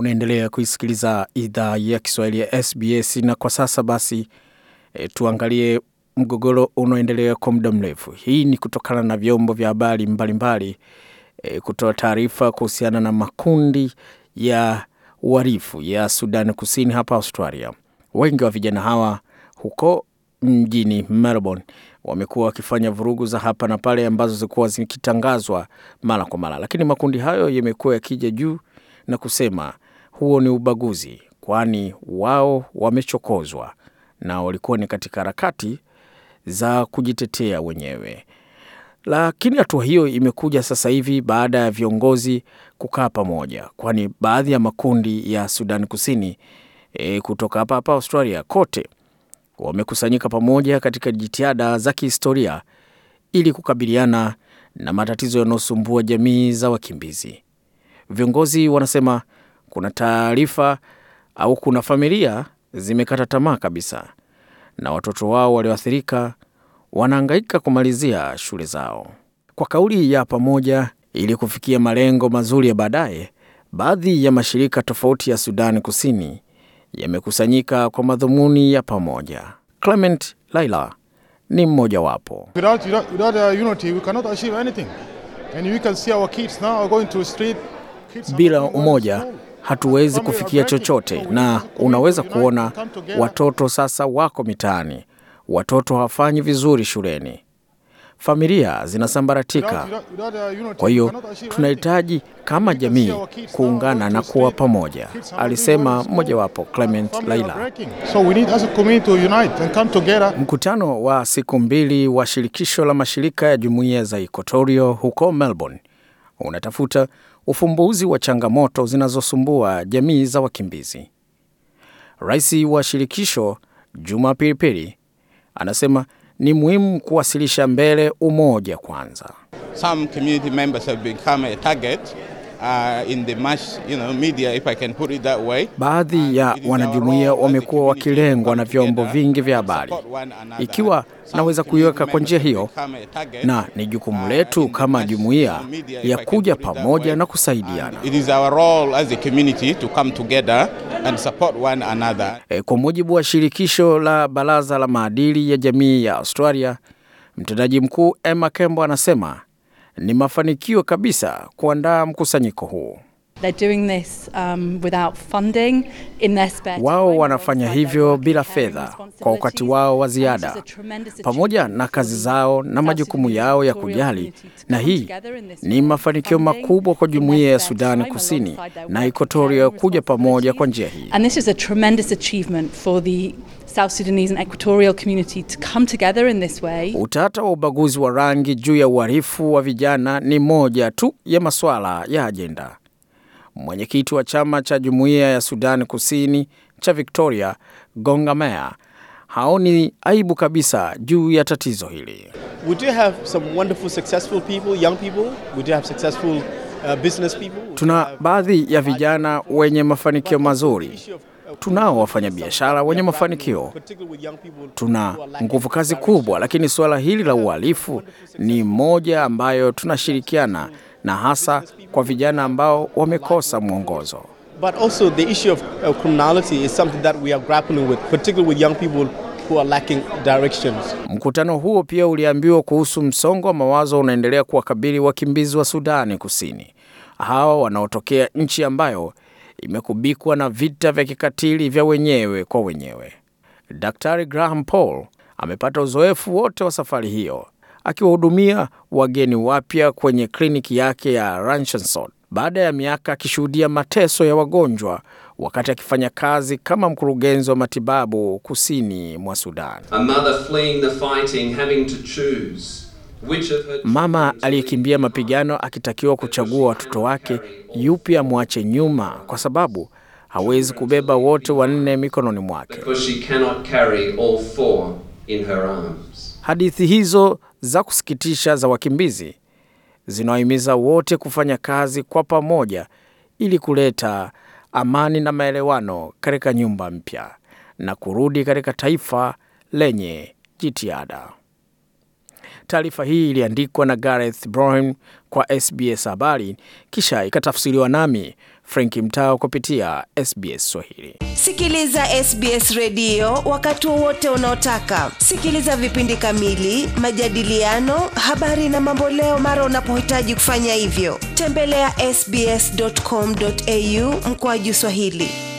Unaendelea kuisikiliza idhaa ya Kiswahili ya SBS na kwa sasa basi e, tuangalie mgogoro unaoendelea kwa muda mrefu. Hii ni kutokana na vyombo vya habari mbalimbali e, kutoa taarifa kuhusiana na makundi ya uhalifu ya Sudan Kusini hapa Australia. Wengi wa vijana hawa huko mjini Melbourne wamekuwa wakifanya vurugu za hapa na pale ambazo zilikuwa zikitangazwa mara kwa mara, lakini makundi hayo yamekuwa yakija juu na kusema huo ni ubaguzi, kwani wao wamechokozwa na walikuwa ni katika harakati za kujitetea wenyewe. Lakini hatua hiyo imekuja sasa hivi baada ya viongozi kukaa pamoja, kwani baadhi ya makundi ya sudani Kusini e, kutoka hapa hapa Australia kote wamekusanyika pamoja katika jitihada za kihistoria ili kukabiliana na matatizo yanayosumbua jamii za wakimbizi. Viongozi wanasema kuna taarifa au kuna familia zimekata tamaa kabisa, na watoto wao walioathirika wanaangaika kumalizia shule zao. Kwa kauli ya pamoja ili kufikia malengo mazuri ya baadaye, baadhi ya mashirika tofauti ya Sudani Kusini yamekusanyika kwa madhumuni ya pamoja. Clement Laila ni mmoja wapo. Uh, Bila umoja hatuwezi kufikia chochote, na unaweza kuona watoto sasa wako mitaani, watoto hawafanyi vizuri shuleni, familia zinasambaratika. Uh, Kwa hiyo tunahitaji kama jamii kuungana na kuwa pamoja, alisema mmojawapo Clement Laila. Mkutano wa siku mbili wa shirikisho la mashirika ya jumuiya za Ekotorio huko Melbourne unatafuta ufumbuzi wa changamoto zinazosumbua jamii za wakimbizi. Rais wa shirikisho Juma Pilipili anasema ni muhimu kuwasilisha mbele umoja kwanza. Some community members have become a target Uh, in the mass, you know, media, if I can put it that way. Baadhi ya wanajumuia wamekuwa wakilengwa na vyombo vingi vya habari. Ikiwa naweza kuiweka kwa njia hiyo, na ni jukumu uh, letu kama jumuia ya kuja pamoja na kusaidiana. E, kwa mujibu wa shirikisho la baraza la maadili ya jamii ya Australia, mtendaji mkuu Emma Kembo anasema ni mafanikio kabisa kuandaa mkusanyiko huu. Um, wao wanafanya hivyo bila fedha kwa wakati wao wa ziada, pamoja na kazi zao na majukumu yao ya kujali, na hii ni mafanikio makubwa kwa jumuiya ya Sudani Kusini na Ikotoria kuja pamoja kwa njia hii. South Sudanese and Equatorial community to come together in this way. Utata wa ubaguzi wa rangi juu ya uhalifu wa vijana ni moja tu ya masuala ya ajenda. Mwenyekiti wa chama cha Jumuiya ya Sudan Kusini cha Victoria, gongamea haoni aibu kabisa juu ya tatizo hili. We do have some wonderful successful people, young people. We do have successful, uh, business people. Tuna baadhi ya vijana wenye mafanikio mazuri Tunao wafanyabiashara wenye mafanikio, tuna nguvu kazi kubwa, lakini suala hili la uhalifu ni moja ambayo tunashirikiana na hasa kwa vijana ambao wamekosa mwongozo. Uh, Mkutano huo pia uliambiwa kuhusu msongo wa mawazo unaendelea kuwakabili wakimbizi wa Sudani Kusini, hawa wanaotokea nchi ambayo imekubikwa na vita vya kikatili vya wenyewe kwa wenyewe. Daktari Graham Paul amepata uzoefu wote wa safari hiyo akiwahudumia wageni wapya kwenye kliniki yake ya Ranchensort baada ya miaka akishuhudia mateso ya wagonjwa wakati akifanya kazi kama mkurugenzi wa matibabu kusini mwa Sudan. Mama aliyekimbia mapigano akitakiwa kuchagua watoto wake yupi amwache nyuma, kwa sababu hawezi kubeba wote wanne mikononi mwake. Hadithi hizo za kusikitisha za wakimbizi zinawahimiza wote kufanya kazi kwa pamoja ili kuleta amani na maelewano katika nyumba mpya na kurudi katika taifa lenye jitihada. Taarifa hii iliandikwa na Gareth Brown kwa SBS Habari, kisha ikatafsiriwa nami Franki Mtao kupitia SBS Swahili. Sikiliza SBS redio wakati wowote unaotaka. Sikiliza vipindi kamili, majadiliano, habari na mamboleo mara unapohitaji kufanya hivyo. Tembelea ya sbs.com.au mkoaju Swahili.